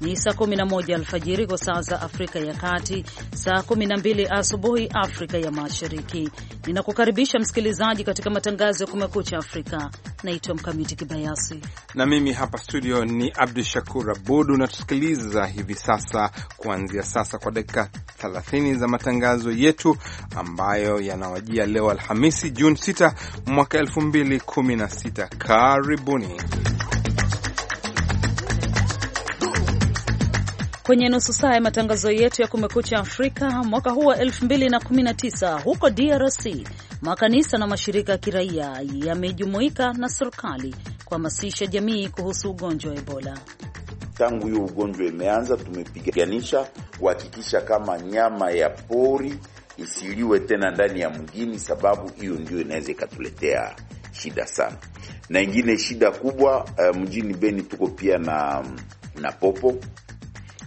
ni saa 11 alfajiri kwa saa za Afrika ya Kati, saa 12 asubuhi Afrika ya Mashariki. Ninakukaribisha msikilizaji katika matangazo ya Kumekucha Afrika. Naitwa Mkamiti Kibayasi na mimi hapa studio ni Abdu Shakur Abud. Unatusikiliza hivi sasa kuanzia sasa kwa dakika 30 za matangazo yetu ambayo yanawajia leo Alhamisi, Juni 6 mwaka 2016. Karibuni. kwenye nusu saa ya matangazo yetu ya Kumekucha Afrika mwaka huu wa 2019 huko DRC makanisa na mashirika ya kiraia yamejumuika na serikali kuhamasisha jamii kuhusu ugonjwa wa Ebola. Tangu hiyo ugonjwa imeanza, tumepiganisha kuhakikisha kama nyama ya pori isiliwe tena ndani ya mgini, sababu hiyo ndio inaweza ikatuletea shida sana. Na ingine shida kubwa, uh, mjini Beni tuko pia na na popo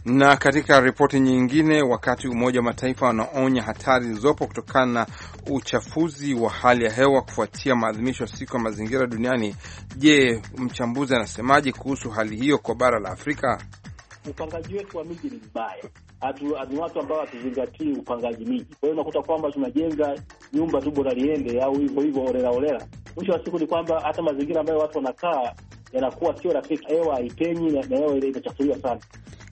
na katika ripoti nyingine, wakati Umoja wa Mataifa wanaonya hatari zilizopo kutokana na uchafuzi wa hali ya hewa kufuatia maadhimisho ya siku ya mazingira duniani, je, mchambuzi anasemaje kuhusu hali hiyo kwa bara la Afrika? Upangaji wetu wa miji ni mbaya. Ni watu ambao hatuzingatii upangaji miji. Kwa hiyo unakuta kwamba tunajenga nyumba tu bora liende au hivyo hivyo, olela olela. Mwisho wa siku ni kwamba hata mazingira ambayo watu wanakaa yanakuwa sio rafiki, hewa haipenyi na hewa inachafuliwa sana.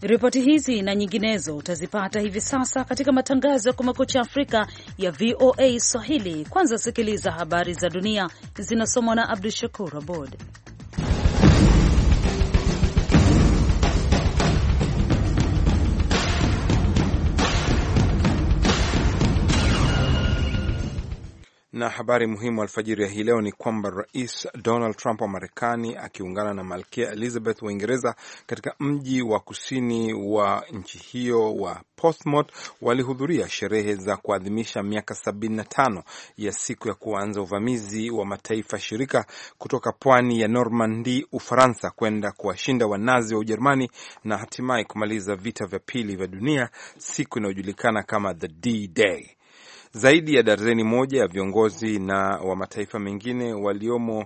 Ripoti hizi na nyinginezo utazipata hivi sasa katika matangazo ya Kumekucha Afrika ya VOA Swahili. Kwanza sikiliza habari za dunia zinasomwa na Abdu Shakur Abod. Na habari muhimu alfajiri ya hii leo ni kwamba Rais Donald Trump wa Marekani akiungana na Malkia Elizabeth wa Uingereza katika mji wa kusini wa nchi hiyo wa Portsmouth walihudhuria sherehe za kuadhimisha miaka 75 ya siku ya kuanza uvamizi wa mataifa shirika kutoka pwani ya Normandi, Ufaransa, kwenda kuwashinda Wanazi wa Ujerumani na hatimaye kumaliza vita vya pili vya dunia, siku inayojulikana kama the D-Day. Zaidi ya darzeni moja ya viongozi na wa mataifa mengine waliomo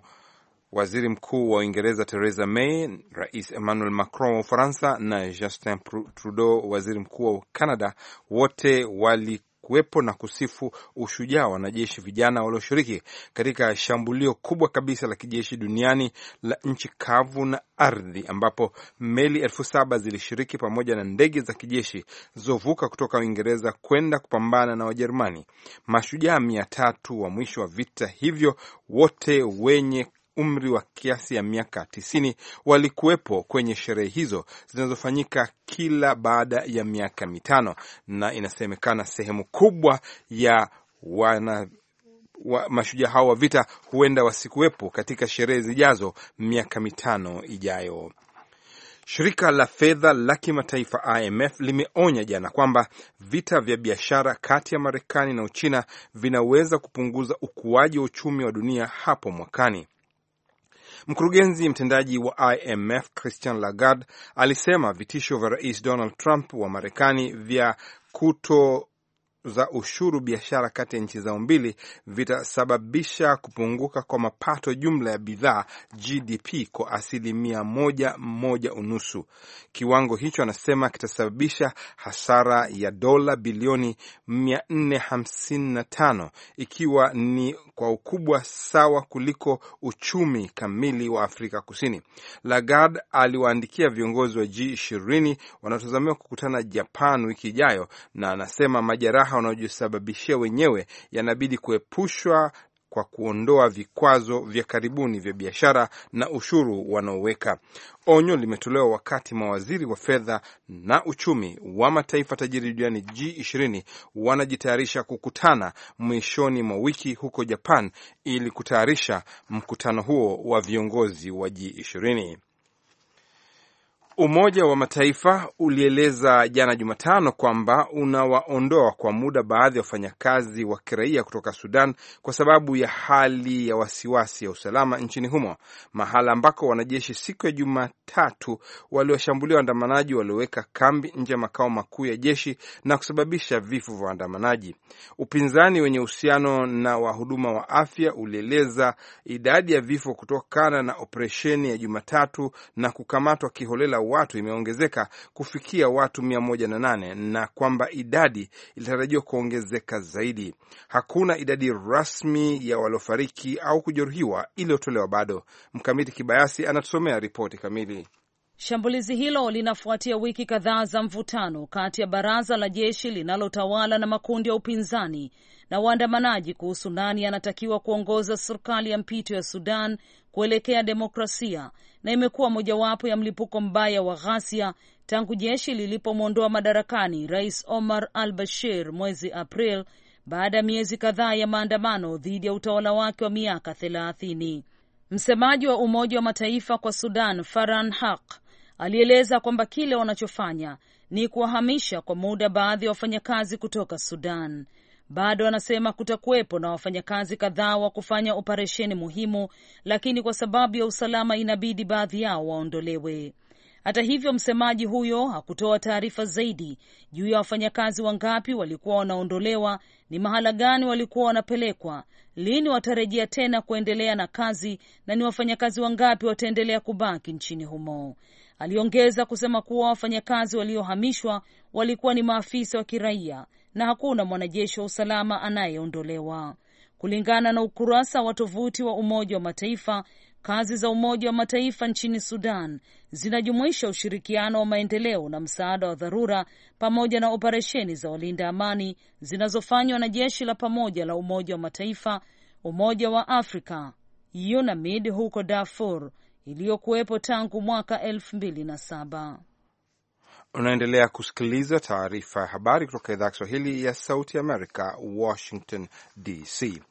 waziri mkuu wa Uingereza Theresa May, rais Emmanuel Macron wa Ufaransa na Justin Trudeau, waziri mkuu wa Canada, wote wali kuwepo na kusifu ushujaa wa wanajeshi vijana walioshiriki katika shambulio kubwa kabisa la kijeshi duniani la nchi kavu na ardhi, ambapo meli elfu saba zilishiriki pamoja na ndege za kijeshi zilizovuka kutoka Uingereza kwenda kupambana na Wajerumani. Mashujaa mia tatu wa mwisho wa vita hivyo, wote wenye umri wa kiasi ya miaka tisini walikuwepo kwenye sherehe hizo zinazofanyika kila baada ya miaka mitano, na inasemekana sehemu kubwa ya wana wa mashujaa hao wa vita huenda wasikuwepo katika sherehe zijazo miaka mitano ijayo. Shirika la fedha la kimataifa IMF limeonya jana kwamba vita vya biashara kati ya Marekani na Uchina vinaweza kupunguza ukuaji wa uchumi wa dunia hapo mwakani. Mkurugenzi mtendaji wa IMF Christian Lagarde alisema vitisho vya Rais Donald Trump wa Marekani vya kuto za ushuru biashara kati ya nchi zao mbili vitasababisha kupunguka kwa mapato jumla ya bidhaa GDP kwa asilimia moja moja unusu. Kiwango hicho anasema kitasababisha hasara ya dola bilioni 455 ikiwa ni kwa ukubwa sawa kuliko uchumi kamili wa Afrika Kusini. Lagarde aliwaandikia viongozi wa G20 wanaotazamiwa kukutana Japan wiki ijayo, na anasema majeraha majeraha wanaojisababishia wenyewe yanabidi kuepushwa kwa kuondoa vikwazo vya karibuni vya biashara na ushuru wanaoweka. Onyo limetolewa wakati mawaziri wa fedha na uchumi wa mataifa tajiri duniani G20 wanajitayarisha kukutana mwishoni mwa wiki huko Japan ili kutayarisha mkutano huo wa viongozi wa G20. Umoja wa Mataifa ulieleza jana Jumatano kwamba unawaondoa kwa muda baadhi ya wafanyakazi wa kiraia kutoka Sudan kwa sababu ya hali ya wasiwasi ya usalama nchini humo, mahala ambako wanajeshi siku ya Jumatatu waliwashambulia waandamanaji walioweka kambi nje ya makao makuu ya jeshi na kusababisha vifo vya waandamanaji. Upinzani wenye uhusiano na wahuduma wa afya ulieleza idadi ya vifo kutokana na operesheni ya Jumatatu na kukamatwa kiholela watu imeongezeka kufikia watu 108 na kwamba idadi ilitarajiwa kuongezeka zaidi. Hakuna idadi rasmi ya waliofariki au kujeruhiwa iliyotolewa bado. Mkamiti Kibayasi anatusomea ripoti kamili. Shambulizi hilo linafuatia wiki kadhaa za mvutano kati ya baraza la jeshi linalotawala na makundi ya upinzani na waandamanaji kuhusu nani anatakiwa kuongoza serikali ya mpito ya Sudan kuelekea demokrasia na imekuwa mojawapo ya mlipuko mbaya wa ghasia tangu jeshi lilipomwondoa madarakani Rais Omar al Bashir mwezi April baada ya miezi kadhaa ya maandamano dhidi ya utawala wake wa miaka thelathini. Msemaji wa Umoja wa Mataifa kwa Sudan Farhan Haq alieleza kwamba kile wanachofanya ni kuwahamisha kwa muda baadhi ya wafanyakazi kutoka Sudan bado anasema kutakuwepo na wafanyakazi kadhaa wa kufanya operesheni muhimu, lakini kwa sababu ya usalama inabidi baadhi yao waondolewe. Hata hivyo, msemaji huyo hakutoa taarifa zaidi juu ya wafanyakazi wangapi walikuwa wanaondolewa, ni mahala gani walikuwa wanapelekwa, lini watarejea tena kuendelea na kazi, na ni wafanyakazi wangapi wataendelea kubaki nchini humo. Aliongeza kusema kuwa wafanyakazi waliohamishwa walikuwa ni maafisa wa kiraia na hakuna mwanajeshi wa usalama anayeondolewa. Kulingana na ukurasa wa tovuti wa Umoja wa Mataifa, kazi za Umoja wa Mataifa nchini Sudan zinajumuisha ushirikiano wa maendeleo na msaada wa dharura pamoja na operesheni za walinda amani zinazofanywa na jeshi la pamoja la Umoja wa Mataifa, Umoja wa Afrika, UNAMID huko Darfur iliyokuwepo tangu mwaka elfu mbili na saba. Unaendelea kusikiliza taarifa ya habari kutoka idhaa ya Kiswahili ya Sauti Amerika, Washington DC.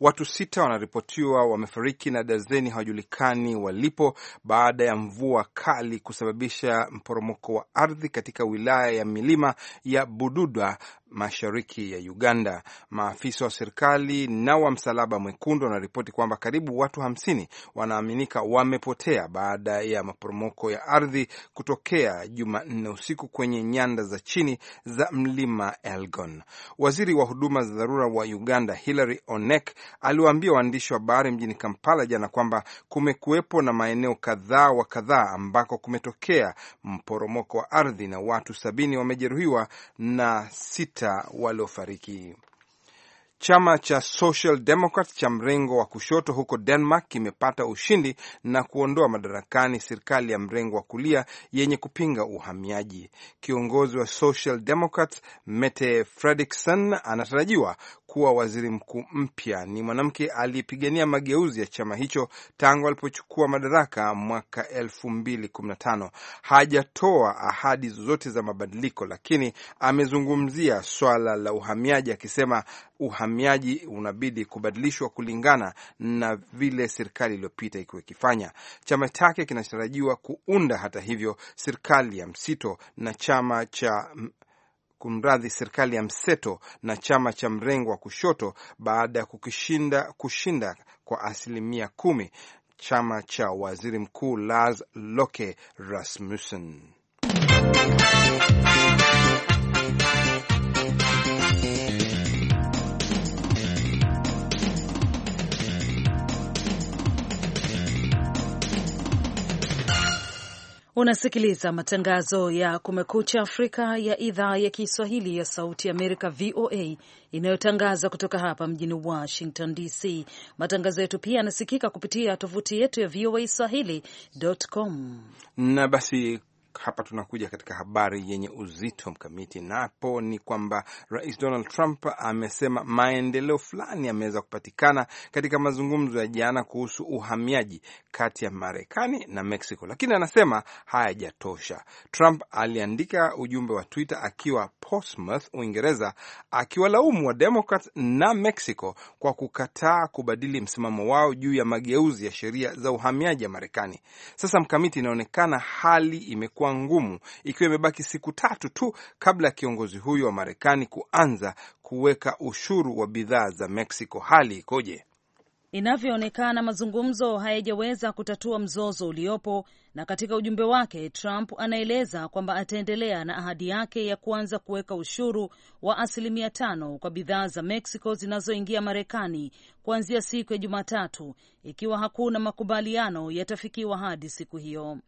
Watu sita wanaripotiwa wamefariki na dazeni hawajulikani walipo baada ya mvua kali kusababisha mporomoko wa ardhi katika wilaya ya milima ya Bududa mashariki ya Uganda. Maafisa wa serikali na wa Msalaba Mwekundu wanaripoti kwamba karibu watu hamsini wanaaminika wamepotea baada ya maporomoko ya ardhi kutokea Jumanne usiku kwenye nyanda za chini za mlima Elgon. Waziri wa huduma za dharura wa Uganda Hilary Onek aliwaambia waandishi wa habari mjini Kampala jana kwamba kumekuwepo na maeneo kadhaa wa kadhaa ambako kumetokea mporomoko wa ardhi na watu sabini wamejeruhiwa na sita sita waliofariki. Chama cha Social Democrat cha mrengo wa kushoto huko Denmark kimepata ushindi na kuondoa madarakani serikali ya mrengo wa kulia yenye kupinga uhamiaji. Kiongozi wa Social Democrat Mette Frederiksen anatarajiwa kuwa waziri mkuu mpya ni mwanamke aliyepigania mageuzi ya chama hicho tangu alipochukua madaraka mwaka elfu mbili kumi na tano. Hajatoa ahadi zozote za mabadiliko, lakini amezungumzia swala la uhamiaji, akisema uhamiaji unabidi kubadilishwa kulingana na vile serikali iliyopita ikiwa ikifanya. Chama chake kinatarajiwa kuunda hata hivyo serikali ya msito na chama cha kumradhi, serikali ya mseto na chama cha mrengo wa kushoto baada ya kukishinda kushinda kwa asilimia kumi chama cha waziri mkuu Lars Loke Rasmussen. Unasikiliza matangazo ya Kumekucha Afrika ya idhaa ya Kiswahili ya Sauti ya Amerika, VOA, inayotangaza kutoka hapa mjini Washington DC. Matangazo yetu pia yanasikika kupitia tovuti yetu ya VOA swahili.com. Na basi hapa tunakuja katika habari yenye uzito mkamiti, napo ni kwamba Rais Donald Trump amesema maendeleo fulani yameweza kupatikana katika mazungumzo ya jana kuhusu uhamiaji kati ya Marekani na Mexico, lakini anasema hayajatosha. Trump aliandika ujumbe wa Twitter akiwa Portsmouth, Uingereza, akiwalaumu wa Demokrat na Mexico kwa kukataa kubadili msimamo wao juu ya mageuzi ya sheria za uhamiaji ya Marekani. Sasa mkamiti, inaonekana hali ime kuwa ngumu ikiwa imebaki siku tatu tu kabla ya kiongozi huyo wa Marekani kuanza kuweka ushuru wa bidhaa za Mexico. Hali ikoje? Inavyoonekana, mazungumzo hayajaweza kutatua mzozo uliopo, na katika ujumbe wake Trump anaeleza kwamba ataendelea na ahadi yake ya kuanza kuweka ushuru wa asilimia tano kwa bidhaa za Mexico zinazoingia Marekani kuanzia siku ya Jumatatu ikiwa hakuna makubaliano yatafikiwa hadi siku hiyo.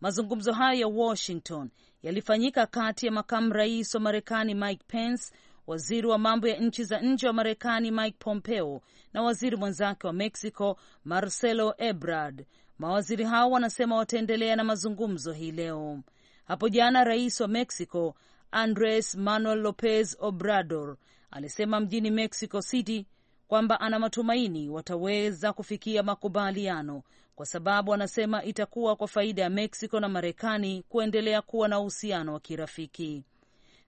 Mazungumzo hayo ya Washington yalifanyika kati ya makamu rais wa Marekani Mike Pence, waziri wa mambo ya nchi za nje wa Marekani Mike Pompeo na waziri mwenzake wa Mexico Marcelo Ebrard. Mawaziri hao wanasema wataendelea na mazungumzo hii leo. Hapo jana rais wa Mexico Andres Manuel Lopez Obrador alisema mjini Mexico City kwamba ana matumaini wataweza kufikia makubaliano kwa sababu anasema itakuwa kwa faida ya Mexico na Marekani kuendelea kuwa na uhusiano wa kirafiki.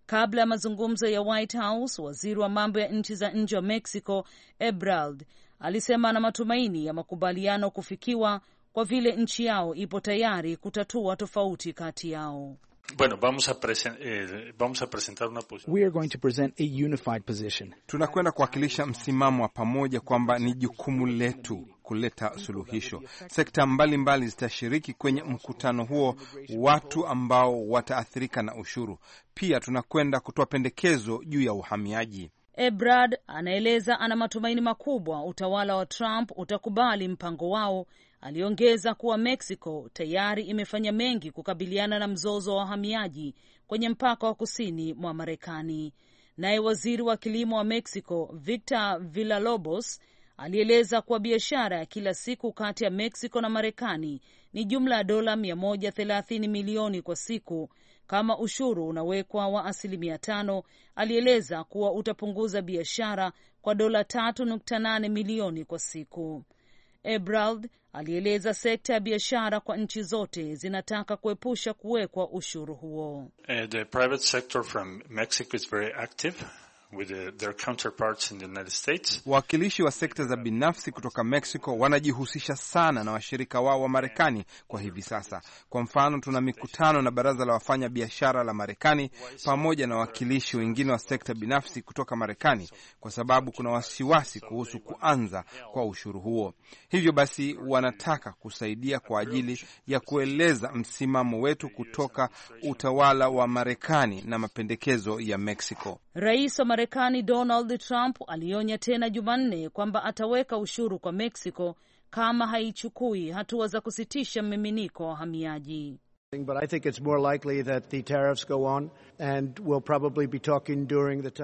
Kabla ya mazungumzo ya White House, waziri wa mambo ya nchi za nje wa Mexico ebrald alisema ana matumaini ya makubaliano kufikiwa kwa vile nchi yao ipo tayari kutatua tofauti kati yao. Bueno, vamos a eh, vamos a presentar una posición. We are going to present a unified position. Tunakwenda kuwakilisha msimamo wa pamoja kwamba ni jukumu letu kuleta suluhisho. Sekta mbalimbali zitashiriki kwenye mkutano huo, watu ambao wataathirika na ushuru. Pia tunakwenda kutoa pendekezo juu ya uhamiaji. Ebrard anaeleza ana matumaini makubwa utawala wa Trump utakubali mpango wao. Aliongeza kuwa Mexico tayari imefanya mengi kukabiliana na mzozo wa wahamiaji kwenye mpaka wa kusini mwa Marekani. Naye waziri wa kilimo wa Mexico Victor Villalobos alieleza kuwa biashara ya kila siku kati ya Mexico na Marekani ni jumla ya dola 130 milioni kwa siku. Kama ushuru unawekwa wa asilimia tano, alieleza kuwa utapunguza biashara kwa dola 3.8 milioni kwa siku. ebrald alieleza sekta ya biashara kwa nchi zote zinataka kuepusha kuwekwa ushuru huo. Uh, the private sector from Mexico is very active with the, uh, their counterparts in the United States. Wawakilishi wa sekta za binafsi kutoka Mexico wanajihusisha sana na washirika wao wa Marekani kwa hivi sasa. Kwa mfano, tuna mikutano na baraza la wafanya biashara la Marekani pamoja na wawakilishi wengine wa sekta binafsi kutoka Marekani kwa sababu kuna wasiwasi kuhusu kuanza kwa ushuru huo. Hivyo basi, wanataka kusaidia kwa ajili ya kueleza msimamo wetu kutoka utawala wa Marekani na mapendekezo ya Mexico. Rais wa Marekani Donald Trump alionya tena Jumanne kwamba ataweka ushuru kwa Mexico kama haichukui hatua za kusitisha mmiminiko wa wahamiaji.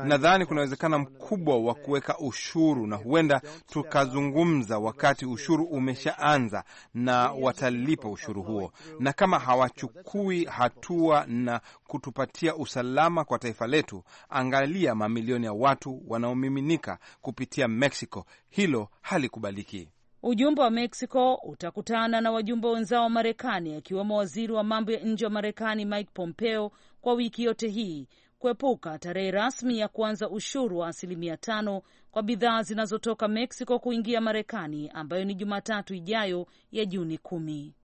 Nadhani kuna uwezekano mkubwa wa kuweka ushuru na huenda tukazungumza wakati ushuru umeshaanza na watalipa ushuru huo, na kama hawachukui hatua na kutupatia usalama kwa taifa letu, angalia mamilioni ya watu wanaomiminika kupitia Mexico. Hilo halikubaliki. Ujumbe wa Mexico utakutana na wajumbe wenzao wa Marekani, akiwemo waziri wa mambo ya nje wa Marekani Mike Pompeo kwa wiki yote hii kuepuka tarehe rasmi ya kuanza ushuru wa asilimia tano kwa bidhaa zinazotoka Mexico kuingia Marekani, ambayo ni Jumatatu ijayo ya Juni kumi.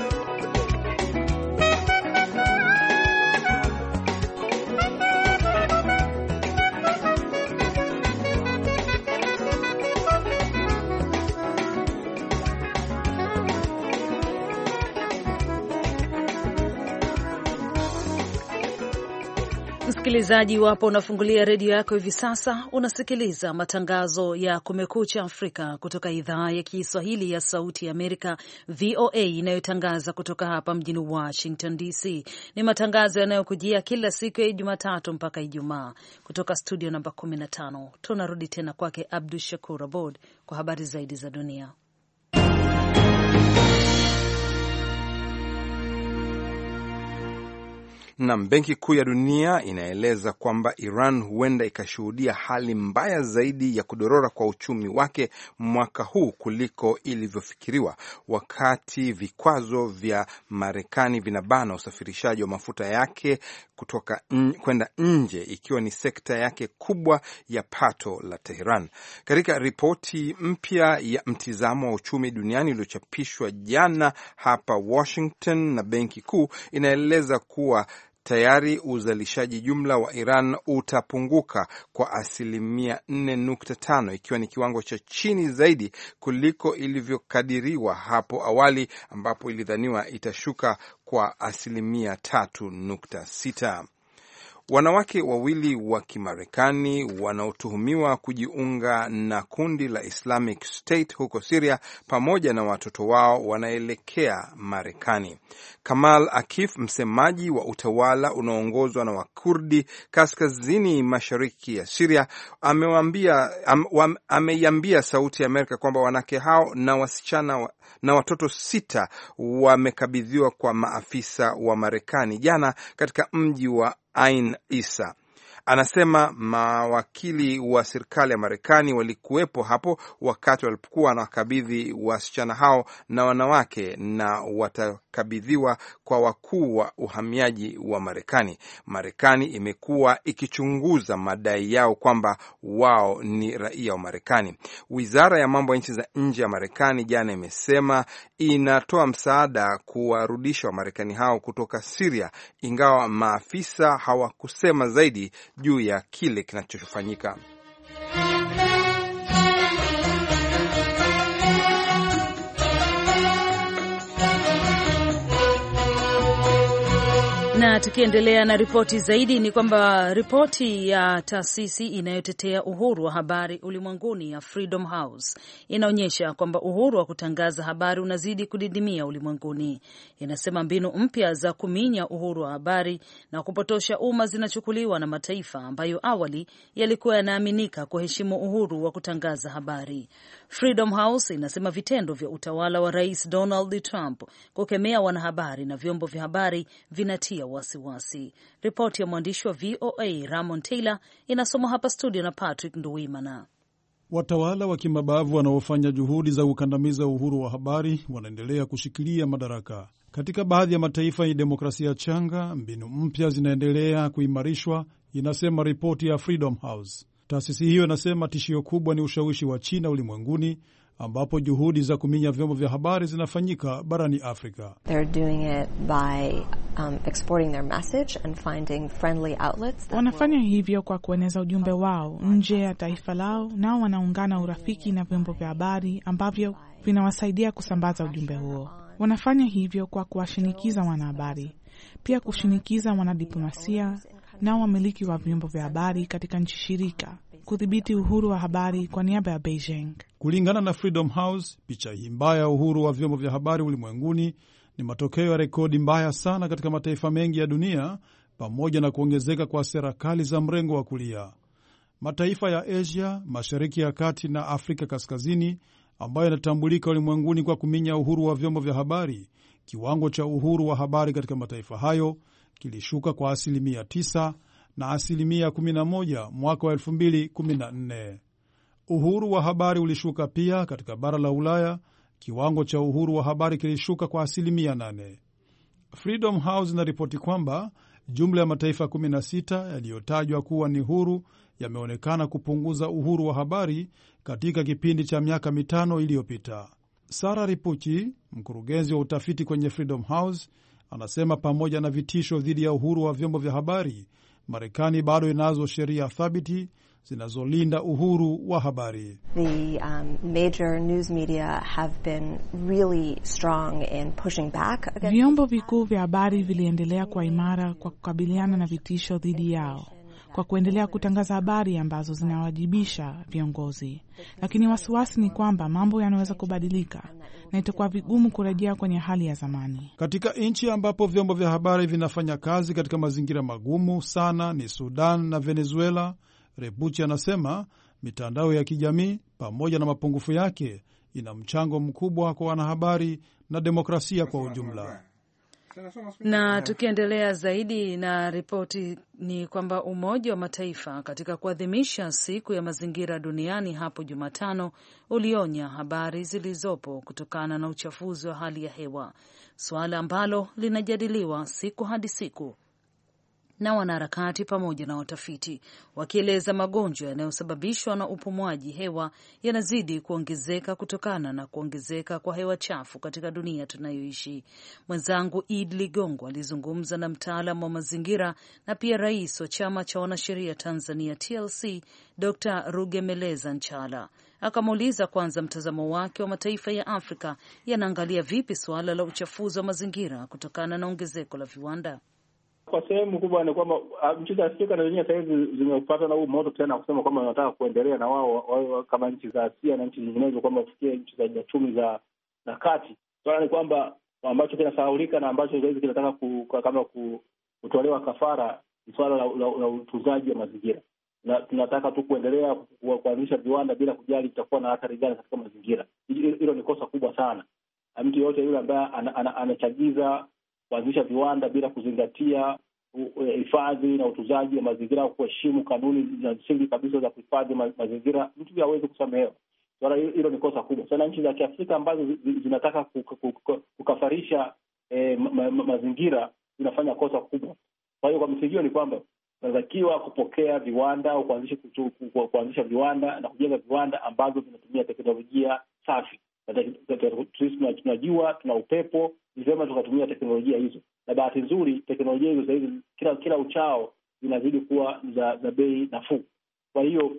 Msikilizaji wapo unafungulia redio yako hivi sasa, unasikiliza matangazo ya Kumekucha Afrika kutoka idhaa ya Kiswahili ya Sauti ya Amerika, VOA, inayotangaza kutoka hapa mjini Washington DC. Ni matangazo yanayokujia kila siku ya Jumatatu mpaka Ijumaa kutoka studio namba 15. Tunarudi tena kwake Abdu Shakur Abod kwa habari zaidi za dunia. Na Benki Kuu ya Dunia inaeleza kwamba Iran huenda ikashuhudia hali mbaya zaidi ya kudorora kwa uchumi wake mwaka huu kuliko ilivyofikiriwa, wakati vikwazo vya Marekani vinabana usafirishaji wa mafuta yake kutoka kwenda nje, ikiwa ni sekta yake kubwa ya pato la Teheran. Katika ripoti mpya ya mtizamo wa uchumi duniani iliyochapishwa jana hapa Washington na Benki Kuu inaeleza kuwa tayari uzalishaji jumla wa Iran utapunguka kwa asilimia 4.5 ikiwa ni kiwango cha chini zaidi kuliko ilivyokadiriwa hapo awali ambapo ilidhaniwa itashuka kwa asilimia 3.6. Wanawake wawili wa Kimarekani wanaotuhumiwa kujiunga na kundi la Islamic State huko Siria pamoja na watoto wao wanaelekea Marekani. Kamal Akif, msemaji wa utawala unaoongozwa na Wakurdi kaskazini mashariki ya Siria, ameiambia am, Sauti ya Amerika kwamba wanawake hao na wasichana wa, na watoto sita wamekabidhiwa kwa maafisa wa Marekani jana katika mji wa Ain Isa. Anasema mawakili wa serikali ya Marekani walikuwepo hapo wakati walipokuwa wanawakabidhi wasichana hao na wanawake, na watakabidhiwa kwa wakuu wa uhamiaji wa Marekani. Marekani imekuwa ikichunguza madai yao kwamba wao ni raia wa Marekani. Wizara ya mambo ya nchi za nje ya Marekani jana imesema inatoa msaada kuwarudisha Wamarekani hao kutoka Siria, ingawa maafisa hawakusema zaidi juu ya kile kinachofanyika. na tukiendelea na ripoti zaidi ni kwamba ripoti ya taasisi inayotetea uhuru wa habari ulimwenguni ya Freedom House inaonyesha kwamba uhuru wa kutangaza habari unazidi kudidimia ulimwenguni. Inasema mbinu mpya za kuminya uhuru wa habari na kupotosha umma zinachukuliwa na mataifa ambayo awali yalikuwa yanaaminika kuheshimu uhuru wa kutangaza habari. Freedom House inasema vitendo vya utawala wa Rais Donald Trump kukemea wanahabari na vyombo vya habari vinatia wasiwasi. Ripoti ya mwandishi wa VOA Ramon Taylor inasomwa hapa studio na Patrick Nduwimana. Watawala wa kimabavu wanaofanya juhudi za kukandamiza uhuru wa habari wanaendelea kushikilia madaraka. Katika baadhi ya mataifa yenye demokrasia changa, mbinu mpya zinaendelea kuimarishwa, inasema ripoti ya Freedom House. Taasisi hiyo inasema tishio kubwa ni ushawishi wa China ulimwenguni ambapo juhudi za kuminya vyombo vya habari zinafanyika barani Afrika. Um, Wanafanya hivyo kwa kueneza ujumbe wao nje ya taifa lao, nao wanaungana urafiki na vyombo vya habari ambavyo vinawasaidia kusambaza ujumbe huo. Wanafanya hivyo kwa kuwashinikiza wanahabari, pia kushinikiza wanadiplomasia na wamiliki wa vyombo vya habari katika nchi shirika kudhibiti uhuru wa habari kwa niaba ya Beijing. Kulingana na Freedom House, picha hii mbaya ya uhuru wa vyombo vya habari ulimwenguni ni matokeo ya rekodi mbaya sana katika mataifa mengi ya dunia pamoja na kuongezeka kwa serikali za mrengo wa kulia. Mataifa ya Asia, Mashariki ya Kati na Afrika Kaskazini ambayo yanatambulika ulimwenguni kwa kuminya uhuru wa vyombo vya habari, kiwango cha uhuru wa habari katika mataifa hayo kilishuka kwa asilimia 9 na asilimia 11 mwaka wa 2014. Uhuru wa habari ulishuka pia katika bara la Ulaya. Kiwango cha uhuru wa habari kilishuka kwa asilimia 8. Freedom House inaripoti kwamba jumla ya mataifa 16 yaliyotajwa kuwa ni huru yameonekana kupunguza uhuru wa habari katika kipindi cha miaka mitano iliyopita. Sara Ripuchi, mkurugenzi wa utafiti kwenye Freedom House, anasema pamoja na vitisho dhidi ya uhuru wa vyombo vya habari, Marekani bado inazo sheria thabiti zinazolinda uhuru wa habari. The, um, major news media have been really strong in pushing back. Vyombo vikuu vya habari viliendelea kwa imara kwa kukabiliana na vitisho dhidi yao kwa kuendelea kutangaza habari ambazo zinawajibisha viongozi, lakini wasiwasi ni kwamba mambo yanaweza kubadilika na itakuwa vigumu kurejea kwenye hali ya zamani. Katika nchi ambapo vyombo vya habari vinafanya kazi katika mazingira magumu sana ni Sudan na Venezuela. Rebuchi anasema mitandao ya kijamii pamoja na mapungufu yake ina mchango mkubwa kwa wanahabari na demokrasia kwa ujumla. Na tukiendelea zaidi na ripoti ni kwamba Umoja wa Mataifa katika kuadhimisha siku ya mazingira duniani hapo Jumatano ulionya habari zilizopo kutokana na uchafuzi wa hali ya hewa, suala ambalo linajadiliwa siku hadi siku na wanaharakati pamoja na watafiti, wakieleza magonjwa yanayosababishwa na upumuaji hewa yanazidi kuongezeka kutokana na kuongezeka kwa hewa chafu katika dunia tunayoishi. Mwenzangu Id Ligongo alizungumza na mtaalam wa mazingira na pia rais wa chama cha wanasheria Tanzania TLC Dr. Rugemeleza Nchala akamuuliza kwanza mtazamo wake wa mataifa ya Afrika yanaangalia vipi suala la uchafuzi wa mazingira kutokana na ongezeko la viwanda kwa sehemu kubwa ni kwamba ah, nchi za Afrika na zenyewe sahizi zimepata na huu moto tena, kusema kwamba wanataka kuendelea na wao kama nchi za Asia na nchi nyinginezo, kwamba wafikie nchi za chumi za na kati. Swala ni kwamba ambacho kinasahaulika na ambacho sahizi kinataka kama kutolewa kafara ni swala la utunzaji wa mazingira, na tunataka tu kuendelea kuanzisha viwanda bila kujali itakuwa na athari gani katika mazingira. Hilo ni kosa kubwa sana. Mtu yeyote yule ambaye anachagiza kuanzisha viwanda bila kuzingatia hifadhi na utunzaji wa mazingira au kuheshimu kanuni za msingi kabisa za kuhifadhi mazingira, mtu hawezi kusamehewa. Swala hilo ni kosa kubwa sana. Nchi za Kiafrika ambazo zinataka kukafarisha eh, ma, ma, mazingira zinafanya kosa kubwa. Kwa hiyo kwa msingio ni kwamba natakiwa kupokea viwanda au kuanzisha viwanda na kujenga viwanda ambazo vinatumia teknolojia safi tunajua tuna upepo, ni vyema tukatumia teknolojia hizo, na bahati nzuri teknolojia hizo sahizi kila kila uchao zinazidi kuwa za za bei nafuu. Kwa hiyo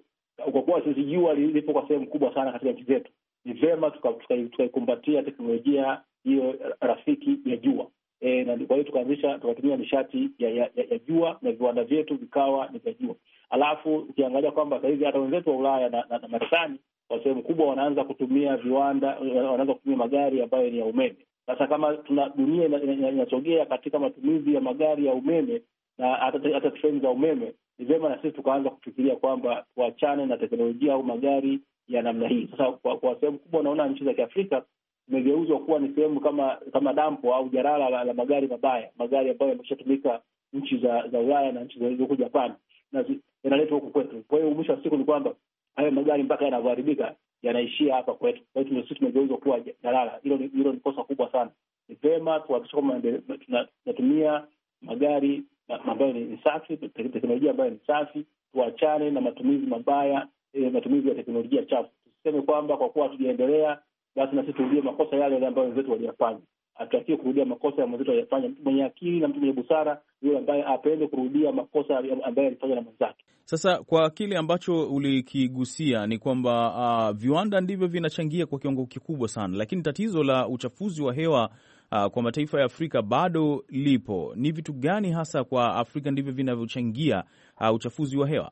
kwa kuwa sisi jua lipo kwa sehemu kubwa sana katika nchi zetu, ni vyema tukaikumbatia teknolojia hiyo rafiki ya jua e, na kwa hiyo tukaanzisha tukatumia nishati ya, ya, ya, ya jua na viwanda vyetu vikawa ni vya jua. Alafu ukiangalia kwamba sahizi hata wenzetu wa Ulaya na, na, na Marekani kwa sehemu kubwa wanaanza kutumia viwanda, eh, wanaanza kutumia magari ambayo ni ya umeme. Sasa kama tuna dunia inasogea katika matumizi ya magari ya umeme na hata treni za umeme, ni vyema na sisi tukaanza kufikiria kwamba tuachane na teknolojia au magari ya namna hii. Sasa kwa, kwa sehemu kubwa unaona nchi za Kiafrika imegeuzwa kuwa ni sehemu kama kama dampo au jarala la, la magari mabaya, magari ambayo yameshatumika nchi za za Ulaya na nchi za huko Japani na yanaletwa huku kwetu. Kwa hiyo mwisho wa siku ni kwamba hayo magari mpaka yanavyoharibika yanaishia hapa kwetu. Kwa hiyo sisi tumegeuzwa kuwa dalala. Hilo ni kosa kubwa sana. Ni vema tuhakikisha kwamba tunatumia magari ambayo ni safi, teknolojia ambayo ni safi. Tuachane na matumizi mabaya, e, matumizi ya teknolojia chafu. Tusiseme kwamba kwa kuwa hatujaendelea basi na sisi turudia makosa yale yale ambayo wenzetu waliyafanya atakiwe kurudia makosa ya mwenzetu aliyafanya. Mtu mwenye akili na mtu mwenye busara yule ambaye apende kurudia makosa ambaye alifanya na mwenzake. Sasa kwa kile ambacho ulikigusia ni kwamba uh, viwanda ndivyo vinachangia kwa kiwango kikubwa sana, lakini tatizo la uchafuzi wa hewa uh, kwa mataifa ya Afrika bado lipo. Ni vitu gani hasa kwa Afrika ndivyo vinavyochangia uh, uchafuzi wa hewa?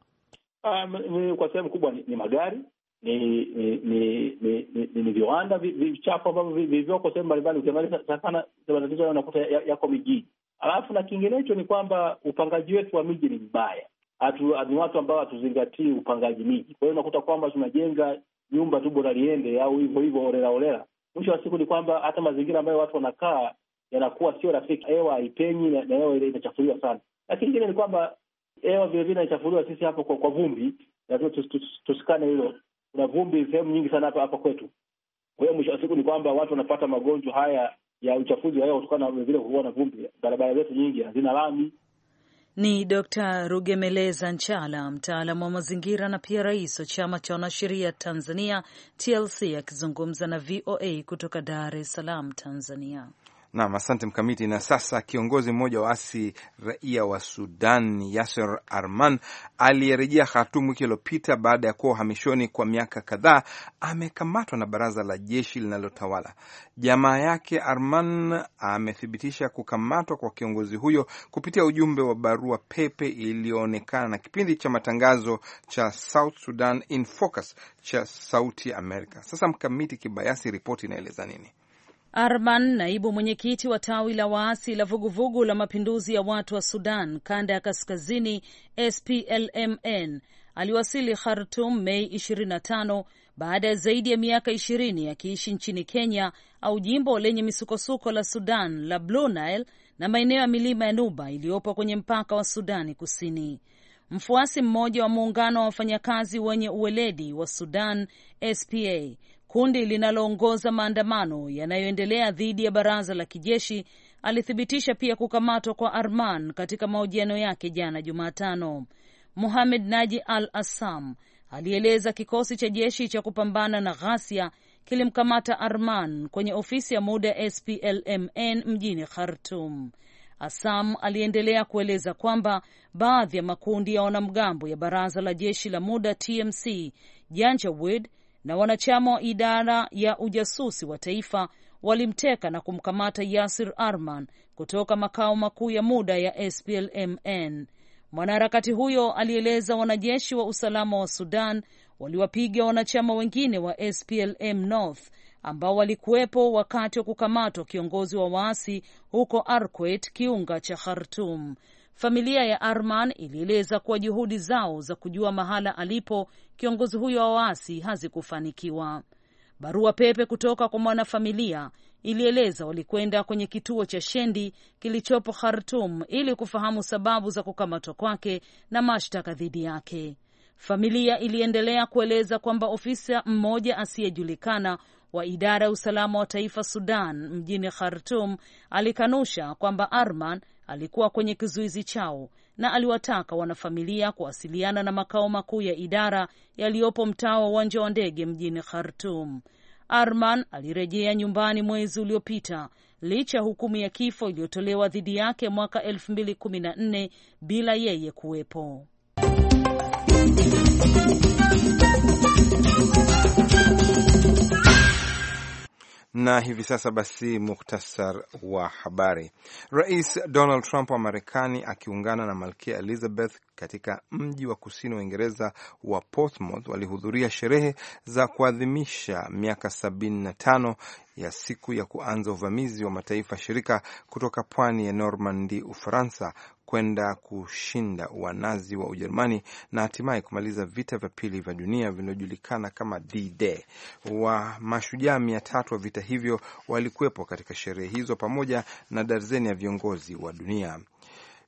Um, kwa sehemu kubwa ni, ni magari ni ni ni ni viwanda vichafu ambavyo vilivyoko sehemu mbalimbali. Ukiangalia sana matatizo hayo unakuta yako mijini. Alafu na kinginecho ni kwamba upangaji wetu wa miji ni mbaya, ni watu ambao hatuzingatii upangaji miji. Kwa hiyo unakuta kwamba tunajenga nyumba tu bora liende au hivyo hivyo holela Mwisho wa siku ni kwamba hata mazingira ambayo watu wanakaa yanakuwa sio rafiki, hewa haipenyi na hewa ile inachafuliwa sana. Lakini kingine ni kwamba hewa vilevile inachafuliwa sisi hapo kwa, kwa vumbi. Lazima tusikane hilo kuna vumbi sehemu nyingi sana hapa hapa kwetu. Kwa hiyo mwisho wa siku ni kwamba watu wanapata magonjwa haya ya uchafuzi wa hewa kutokana na vile kuwa na vumbi. Barabara zetu nyingi hazina lami. Ni Dr. Rugemeleza Nchala, mtaalamu wa mazingira na pia rais wa chama cha wanasheria Tanzania TLC, akizungumza na VOA kutoka Dar es Salaam, Tanzania. Nam, asante Mkamiti. Na sasa kiongozi mmoja wa asi raia wa Sudan Yasser Arman aliyerejea Khartoum wiki iliyopita baada ya kuwa uhamishoni kwa miaka kadhaa amekamatwa na baraza la jeshi linalotawala. Jamaa yake Arman amethibitisha kukamatwa kwa kiongozi huyo kupitia ujumbe wa barua pepe iliyoonekana na kipindi cha matangazo cha South Sudan in Focus cha Sauti Amerika. Sasa Mkamiti Kibayasi, ripoti inaeleza nini? Arman, naibu mwenyekiti wa tawi la waasi la vuguvugu la mapinduzi ya watu wa Sudan kanda ya kaskazini SPLMN, aliwasili Khartum Mei 25 baada ya zaidi ya miaka 20 akiishi nchini Kenya au jimbo lenye misukosuko la Sudan la Blue Nile na maeneo ya milima ya Nuba iliyopo kwenye mpaka wa Sudani Kusini. Mfuasi mmoja wa muungano wa wafanyakazi wenye uweledi wa Sudan SPA kundi linaloongoza maandamano yanayoendelea dhidi ya baraza la kijeshi. Alithibitisha pia kukamatwa kwa Arman katika mahojiano yake jana Jumatano. muhamed Naji Al Assam alieleza kikosi cha jeshi cha kupambana na ghasia kilimkamata Arman kwenye ofisi ya muda ya SPLMN mjini Khartum. Assam aliendelea kueleza kwamba baadhi ya makundi ya wanamgambo ya baraza la jeshi la muda TMC, Janjaweed na wanachama wa idara ya ujasusi wa taifa walimteka na kumkamata Yasir Arman kutoka makao makuu ya muda ya SPLMN. Mwanaharakati huyo alieleza wanajeshi wa usalama wa Sudan waliwapiga wanachama wengine wa SPLM North ambao walikuwepo wakati wa kukamatwa kiongozi wa waasi huko Arkwet, kiunga cha Khartum. Familia ya Arman ilieleza kuwa juhudi zao za kujua mahala alipo kiongozi huyo wa waasi hazikufanikiwa. Barua pepe kutoka kwa mwanafamilia ilieleza walikwenda kwenye kituo cha Shendi kilichopo Khartum ili kufahamu sababu za kukamatwa kwake na mashtaka dhidi yake. Familia iliendelea kueleza kwamba ofisa mmoja asiyejulikana wa idara ya usalama wa taifa Sudan mjini Khartum alikanusha kwamba Arman alikuwa kwenye kizuizi chao na aliwataka wanafamilia kuwasiliana na makao makuu ya idara yaliyopo mtaa wa uwanja wa ndege mjini Khartum. Arman alirejea nyumbani mwezi uliopita licha ya hukumu ya kifo iliyotolewa dhidi yake mwaka 2014 bila yeye kuwepo. Na hivi sasa basi, muhtasar wa habari. Rais Donald Trump wa Marekani akiungana na malkia Elizabeth katika mji wa kusini wa Uingereza wa Portsmouth walihudhuria sherehe za kuadhimisha miaka sabini na tano ya siku ya kuanza uvamizi wa mataifa shirika kutoka pwani ya Normandy, Ufaransa, kwenda kushinda wanazi wa Ujerumani na hatimaye kumaliza vita vya pili vya dunia vinavyojulikana kama D-Day. Wa mashujaa mia tatu wa vita hivyo walikuwepo katika sherehe hizo pamoja na darzeni ya viongozi wa dunia.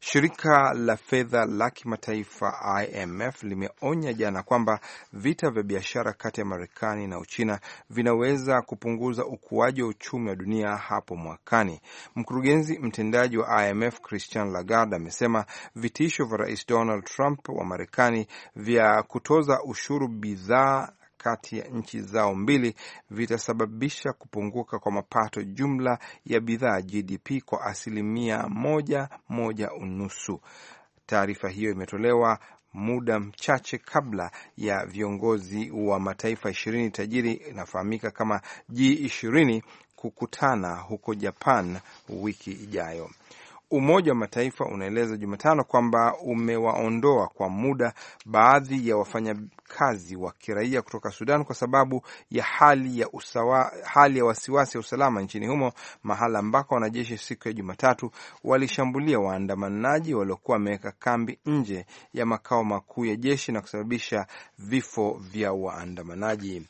Shirika la fedha la kimataifa IMF limeonya jana kwamba vita vya biashara kati ya Marekani na Uchina vinaweza kupunguza ukuaji wa uchumi wa dunia hapo mwakani. Mkurugenzi mtendaji wa IMF Christian Lagarde amesema vitisho vya Rais Donald Trump wa Marekani vya kutoza ushuru bidhaa kati ya nchi zao mbili vitasababisha kupunguka kwa mapato jumla ya bidhaa GDP kwa asilimia moja moja unusu. Taarifa hiyo imetolewa muda mchache kabla ya viongozi wa mataifa ishirini tajiri inafahamika kama g ishirini kukutana huko Japan wiki ijayo. Umoja wa Mataifa unaeleza Jumatano kwamba umewaondoa kwa muda baadhi ya wafanya wakazi wa kiraia kutoka Sudan kwa sababu ya hali ya, usawa, hali ya wasiwasi ya usalama nchini humo, mahala ambako wanajeshi siku ya Jumatatu walishambulia waandamanaji waliokuwa wameweka kambi nje ya makao makuu ya jeshi na kusababisha vifo vya waandamanaji.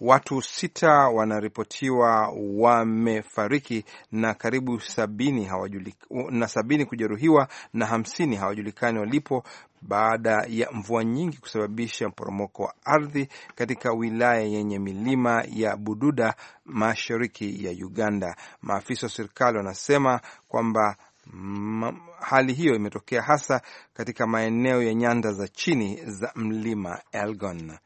Watu sita wanaripotiwa wamefariki na karibu sabini, hawajulik, na sabini kujeruhiwa na hamsini hawajulikani walipo baada ya mvua nyingi kusababisha mporomoko wa ardhi katika wilaya yenye milima ya Bududa mashariki ya Uganda. Maafisa wa serikali wanasema kwamba hali hiyo imetokea hasa katika maeneo ya nyanda za chini za mlima Elgon.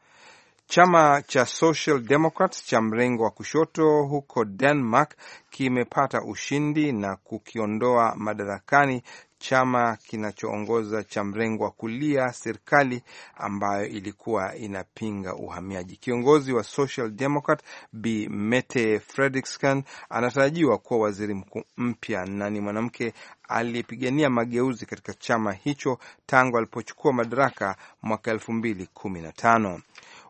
Chama cha Social Democrats cha mrengo wa kushoto huko Denmark kimepata ushindi na kukiondoa madarakani chama kinachoongoza cha mrengo wa kulia serikali ambayo ilikuwa inapinga uhamiaji. Kiongozi wa Social Democrat Bi Mette Frederiksen anatarajiwa kuwa waziri mkuu mpya na ni mwanamke aliyepigania mageuzi katika chama hicho tangu alipochukua madaraka mwaka elfu mbili kumi na tano.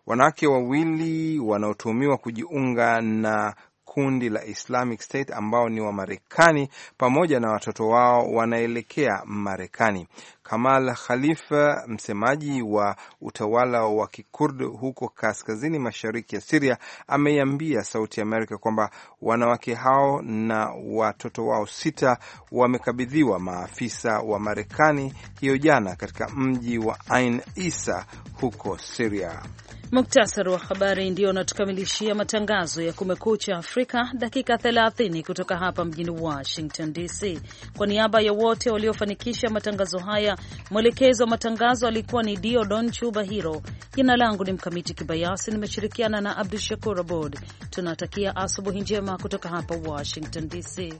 Wanawake wawili wanaotuhumiwa kujiunga na kundi la Islamic State ambao ni Marekani pamoja na watoto wao wanaelekea Marekani. Kamal Khalifa, msemaji wa utawala wa Kikurd huko kaskazini mashariki ya Siria, ameiambia Sauti ya Amerika kwamba wanawake hao na watoto wao sita wamekabidhiwa maafisa wa Marekani hiyo jana katika mji wa Ain Isa huko Siria. Muktasari wa habari ndio unatukamilishia matangazo ya Kumekucha Afrika dakika 30 kutoka hapa mjini Washington DC. Kwa niaba ya wote waliofanikisha matangazo haya, mwelekezo wa matangazo alikuwa ni Dio Don Chuba Hiro. Jina langu ni Mkamiti Kibayasi, nimeshirikiana na Abdu Shakur Abod. Tunatakia asubuhi njema kutoka hapa Washington DC.